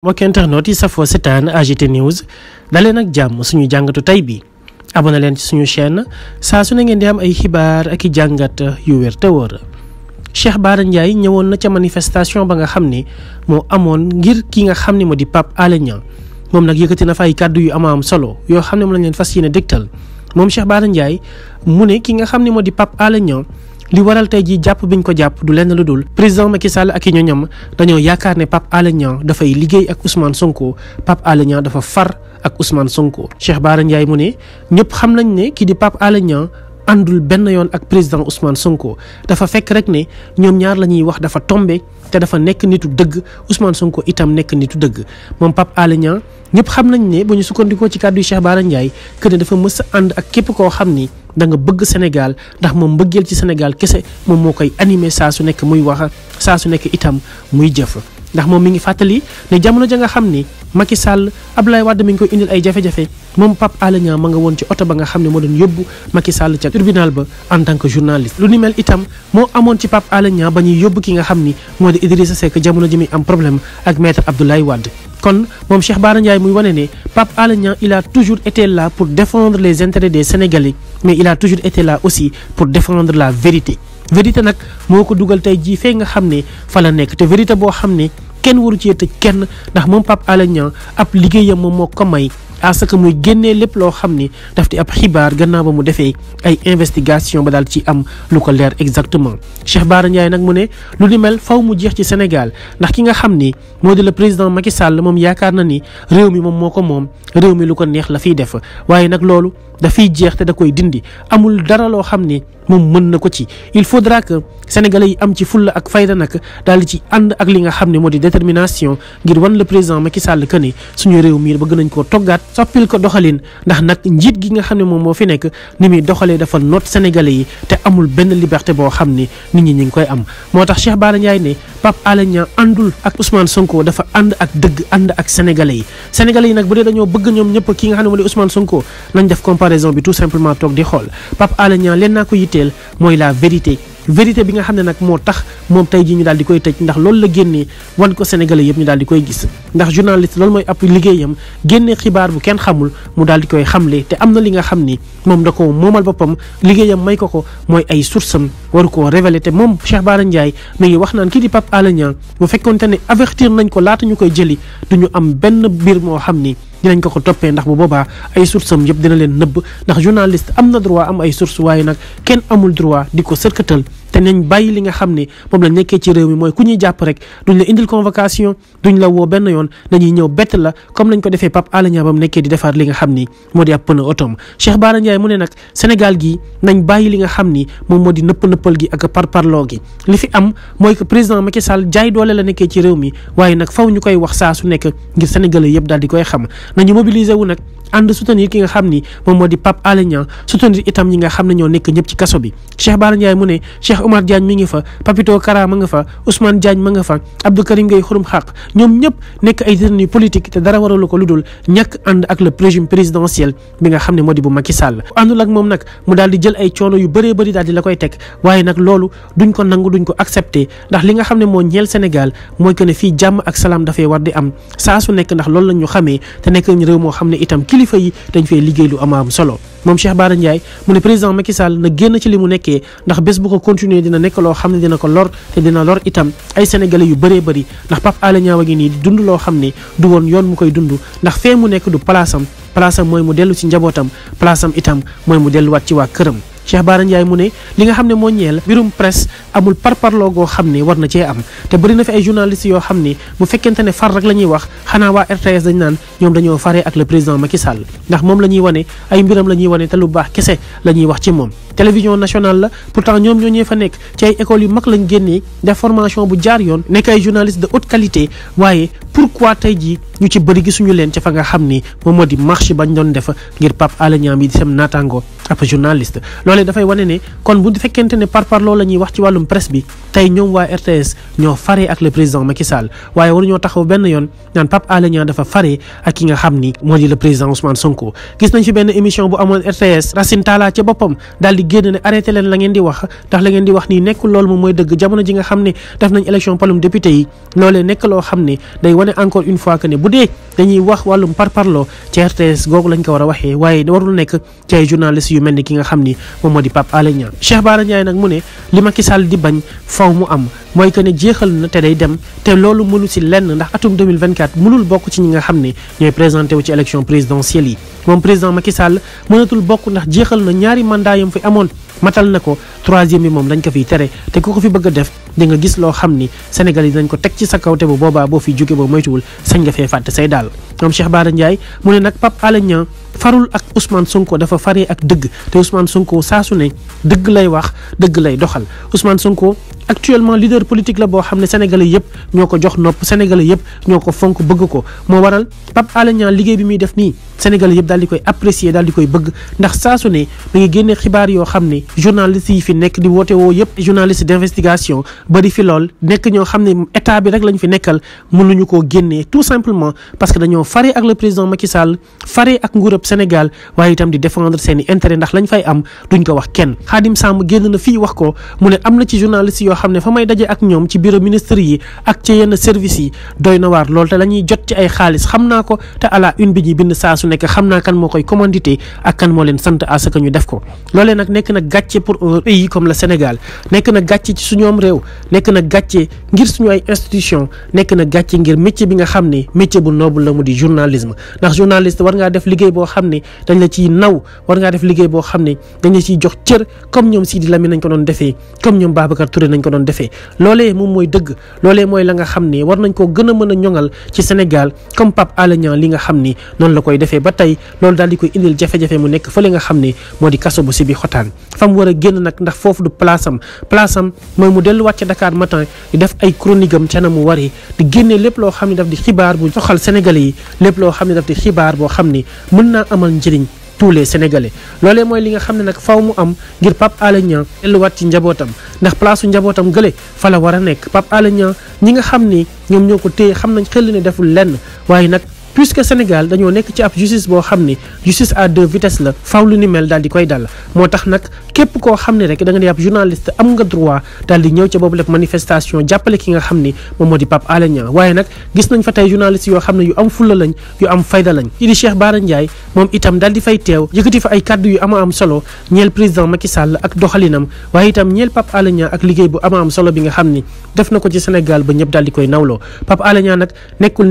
mbokk internet yi safoo setaan AGT News daleen ak jàmm suñuy jàngatu tey bi abonné leen ci suñu chaîne saa su ne ngeen di am ay xibaar aki jàngat yu wér te wóor Cheikh Bara Ndiaye ñëwoon na ca manifestation ba nga xam ne moo amoon ngir ki nga xam ne moo di Pape Alé Niang moom nag yëkkati na fa ay kàddu yu amaa am solo yoo xam ne moom lañ leen fas yéene dégtal moom Cheikh Bara Ndiaye mu ne ki nga xam ne moo di Pape Alé Niang li waral tey ji jàpp biñ ko jàpp du lenn lu dul président Macky Sall ak i ñoñam dañoo yaakaar ne Pape Alé Niang dafay liggéey ak Ousmane Sonko Pape Alé Niang dafa far ak Ousmane Sonko Cheikh Bara Ndiaye mu ne ñëpp xam nañ ne kii di Pape Alé Niang andul benn yoon ak président Ousmane Sonko dafa fekk rek ne ñoom ñaar la ñuy wax dafa tombe te dafa nekk nitu dëgg usmaan Sonko itam nekk nitu dëgg moom Pape aleña Niang ñëpp xam nañ ne bu ñu sukkandikoo ci kàddu yi Cheikh Bara Ndiaye que ne dafa mës a ànd ak képp koo xam ni da nga bëgg Sénégal ndax moom mbëggeel ci Sénégal kese moom moo koy animé saa su nekk muy wax saa su nekk itam muy jëf. ndax moom mi ngi fàttali ne jamono ja nga xam ni Macky Sall Abdoulaye Wade mi ngi koy indil ay jafe-jafe moom Pape Alé Niang ma nga woon ci oto ba nga xam ne moo doon yóbbu Macky Sall ca tribunal ba en tant que journaliste. lu ni mel itam moo amoon ci Pape Alé Niang ba ñuy yóbbu ki nga xam ni moo di Idrissa Seck jamono ji muy am problème ak maître Abdoulaye Wade. kon moom Cheikh Bara Ndiaye muy wane ne Pape Alé Niang il a toujours été là pour défendre les intérêts mais il a toujours été là aussi pour défendre la vérité nag moo ko dugal tey jii fee nga xam ne fa la nekk te vérité boo xam ne kenn waru cee tëj kenn ndax moom Pape Alé Niang ab liggéeyam moom moo ko may à que muy génnee lépp loo xam ni daf di ab xibaar gannaaw ba mu defee ay investigation ba daal ci am lu ko leer exactement Cheikh Bara Ndiaye nag mu ne lu ni mel faw mu jeex ci Sénégal ndax ki nga xam ni moo di la président Macky Sall moom yaakaar na ni réew mi moom moo ko moom réew mi lu ko neex la fiy def waaye nag loolu dafay jeex te da koy dindi amul dara loo xam ne moom mën na ko ci il faudra que sénégalais yi am ci fulla ak fayda nag daal di ci ànd ak li nga xam ne moo di détermination ngir wan le président Macky Sall que ne suñu réew mi bëgg nañ koo toggaat soppil ko doxalin ndax nag njiit gi nga xam ne moom moo fi nekk ni muy doxalee dafa noot sénégalais yi te amul benn liberté boo xam ni nit ñi ñu ngi koy am moo tax Cheikh Bara Ndiaye ne Pape Alé Niang àndul ak Ousmane Sonko dafa ànd ak dëgg ànd ak sénégalais yi sénégalais yi nag bu dee dañoo bëgg ñoom ñëpp ki nga xam ne moo di Ousmane Sonko nañ def compa comparaison bi tout simplement toog di xool Pape Alé Niang leen naa ko yitteel mooy la vérité vérité bi nga xam ne nag moo tax moom tey jii ñu daal di koy tëj ndax loolu la génnee wan ko sénégalais yëpp ñu daal di koy gis ndax journaliste loolu mooy ab liggéeyam génnee xibaar bu kenn xamul mu daal di koy xam xamle te am na li nga xam ne moom da ko moomal boppam liggéeyam may ko ko mooy ay source am waru koo révéler te moom Cheikh Bara Ndiaye mi ngi wax naan kii di Pape Alé Niang bu fekkonte avertir nañ ko laata ñu koy jëli du ñu am benn mbir moo xam ni dinañ ko ko toppee ndax bu boobaa ay source am yëpp dina leen nëbb ndax journaliste am na droit am ay source waaye nag kenn amul droit di ko sërkatal te nañ bàyyi li nga xam ne moom la nekkee ci réew mi mooy ku ñuy jàpp rek duñ la indil convocation duñ la woo benn yoon dañuy ñëw bett la comme lañ ko defee Pape Alé Niang bam nekkee di defar li nga xam ni moo di gi nañ bàyyi li nga xam ni moom moo di nëpp nëppal gi ak parparloo gi li fi am mooy que président Macky Sall jaay doole la nekkee ci réew mi waaye nag faw ñu koy wax saa su nekk ngir sénégalais yëpp daal di koy xam nañu mobiliser wu nag ànd ki nga xam ni moom moo di Pape Alé Niang soutenir itam ñi nga xam ne ñoo nekk ñëpp ci kaso bi Cheikh Bara mu ne Cheikh Cheikh Oumar Diagne mi ngi fa Papito Kara ma nga fa Ousmane Diagne ma nga fa Abdou ngay Gueye xurum xaq ñoom ñëpp nekk ay détenus politique te dara waralu ko lu dul ñàkk ànd ak le régime présidentiel bi nga xam ne moo di bu Macky Sall àndul ak moom nag mu daal di jël ay coono yu bëree bëri daal di la koy teg waaye loolu duñ ko nangu duñ ko accepté ndax li nga xam ne moo ñeel Sénégal mooy que ne fii jàmm ak salaam dafay war di am saa su nekk ndax loolu lañ ñu xamee te nekk ñu réew moo xam ne itam kilifa yi dañ fay liggéey lu am am solo moom Cheikh Bara Ndiaye mu ne président Macky Sall na génn ci li mu nekkee ndax bés bu ko continuer dina nekk loo xam ne dina ko lor te dina lor itam ay sénégalais yu bëree bari ndax Pape Alé Niang a nii di dund loo xam ne du woon yoon mu koy dund ndax fee mu nekk du palaasam palaasam mooy mu dellu ci njabootam palaasam itam mooy mu delluwaat ci waa këram Cheikh Bara Ndiaye mu ne li nga xam ne moo ñeel mbirum presse amul parparloo goo xam ne war na cee am te bëri na fi ay journalistes yoo xam ne bu fekkente ne far rek la ñuy wax xanaa waa RTS dañ naan ñoom dañoo faree ak le président Macky Sall ndax moom la ñuy wane ay mbiram la ñuy wane te lu baax kese la ñuy wax ci moom télévision nationale la pourtant ñoom ñoo ñee fa nekk ci ay écoles yu mag lañ génnee def formation bu jaar yoon nekk ay journalistes de haute qualité pourquoi tey jii ñu ci bëri gisuñu leen ca fa nga xam ni moom moo di marche bañ doon def ngir Pape Alé Niang bi di sem naataango ab journaliste dafay wane ne kon bu fekkente ne par par loolu ñuy wax ci wàllum presse bi tey ñoom waa RTS ñoo fare ak le président Macky Sall waaye waruñoo taxaw benn yoon naan Pape Alé Niang dafa fare ak ki nga xam ni moo di le président Ousmane Sonko gis nañ fi benn émission bu amoon RTS Racine Talla boppam daal wane encore une fois que ne bu dee dañuy wax wàllum parparloo ci RTS googu lañ ko war a waxee waaye warul nekk ci ay journaliste yu mel ni ki nga xam ni moom moo di Pape Alé Niang Cheikh nag mu ne li Macky Sall di bañ faw mu am mooy que ne jeexal na te day dem te loolu mënu si lenn ndax atum 2024 mënul bokk ci ñi nga xam ne ñooy présenté wu ci élection présidentielle yi moom président Macky Sall mënatul bokk ndax jeexal na ñaari mandat yam fi amoon matal na ko troisième moom dañ ko fiy tere te ku ko fi bëgg a def di nga gis loo xam ni Sénégal yi dinañ ko teg ci sa kaw te bu boobaa boo fi jóge boo moytuwul sañ nga fee fàtte say daal moom Cheikh Bara Ndiaye mu ne nag Pape Alé Niang farul ak Ousmane Sonko dafa faree ak dëgg te Ousmane Sonko saa ne dëgg lay wax dëgg lay doxal Ousmane Sonko actuellement leader politique la boo xam ne sénégalais yëpp ñoo ko jox nopp sénégalais yëpp ñoo ko fonk bëgg ko moo waral Pape Alé Niang liggéey bi muy def nii sénégalais yëpp daal di koy apprécier daal di koy bëgg ndax saa su ne mi ngi génne xibaar yoo xam ne journalistes yi fi nekk di woote woo yëpp journaliste d'investigation bari fi lool nekk ñoo xam ne état bi rek lañ fi nekkal mënuñu koo génnee tout simplement parce que dañoo fare ak le président Macky Sall fare ak nguurab Sénégal waaye itam di défendre seen i ndax lañ fay am duñ ko wax kenn Khadim Samb génn na fii wax ko mu ne am na ci journaliste yoo xam ne fa may daje ak ñoom ci bureau ministre yi ak ci yenn service yi doy na waar lool te la ñuy jot ci ay xaalis xam naa ko te à une bi ñuy bind saa su nekk xam naa kan moo koy commandité ak kan moo leen sant à que ñu def ko loolee nag nekk na gàcce pour un pays comme le Sénégal nekk na gàcce ci suñoom réew nekk na gàcce ngir suñu ay institution nekk na gàcce ngir métier bi nga xam ne métier bu noble la mu di journalisme ndax journaliste war ngaa def liggéey boo xam ne dañ la ciy naw war ngaa def liggéey boo xam ne dañ la ciy jox cër comme ñoom Sidi Lamine nañ ko doon defee comme ñoom Babacar Touré nañ ko doon defee loolee moom mooy dëgg loolee mooy la nga xam ne war nañ koo gën a ñoŋal ci Sénégal comme Pape Alé Niang li nga xam ni noonu la koy defee ba tey loolu daal di koy indil jafe-jafe mu nekk fële nga xam ne moo di kaso bu si bi xotaan fam war a génn nag ndax foofu du place am place am mooy mu delluwaat ca Dakar matin di def mu waree di génnee loo xam ne daf di xibaar bu soxal Sénégalais yi lépp loo xam ne daf di dina amal njëriñ tous les sénégalais loolee mooy li nga xam ne nag faw mu am ngir Pape Alé Niang delluwaat ci njabootam ndax place su njabootam gële fa la war a nekk Pape Alé Niang ñi nga xam ni ñoom ñoo ko téye xam nañ xel ne deful lenn waaye nag puisque Sénégal dañoo nekk ci ab justice boo xam ne justice à deux vitesses la faw lu ni mel daal di koy dal moo tax nag képp koo xam ne rek da nga di ab journaliste am nga droit daal di ñëw ca boobu lépp manifestation jàppale ki nga xam ni moom moo di Pape Alé Niang waaye nag gis nañ fa tey journaliste yoo xam ne yu am fulla lañ yu am fayda lañ idi Cheikh Bara Ndiaye moom itam daal di fay teew yëkkati fa ay kàddu yu ama am solo ñeel président Macky Sall ak doxalinam waaye itam ñeel Pape Alé Niang ak solo bi nga xam ni def na ko ci Sénégal ba ñëpp daal di koy nawloo Pape Alé Niang nag nekkul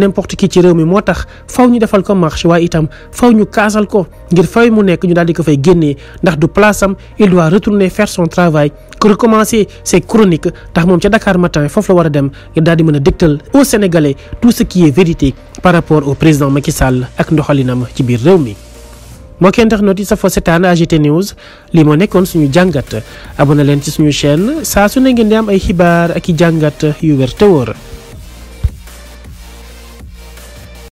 faw ñu defal ko marche waaye itam faw ñu kaasal ko ngir fay mu nekk ñu daal di ko fay génnee ndax du place am il doit retourner faire son travail recommencer ses chroniques ndax moom ca Dakar matin foofu la war a dem ngir daal di mën a dégtal aux Sénégalais tout ce qui est vérité par rapport au président Macky Sall ak ndoxalinam ci biir réew mi. moo kenn tax noot yi sa fo setaan AGT News lii moo nekkoon suñu jàngat abonné leen ci suñu chaîne saa su ne ngeen di am ay xibaar ak jàngat yu wér te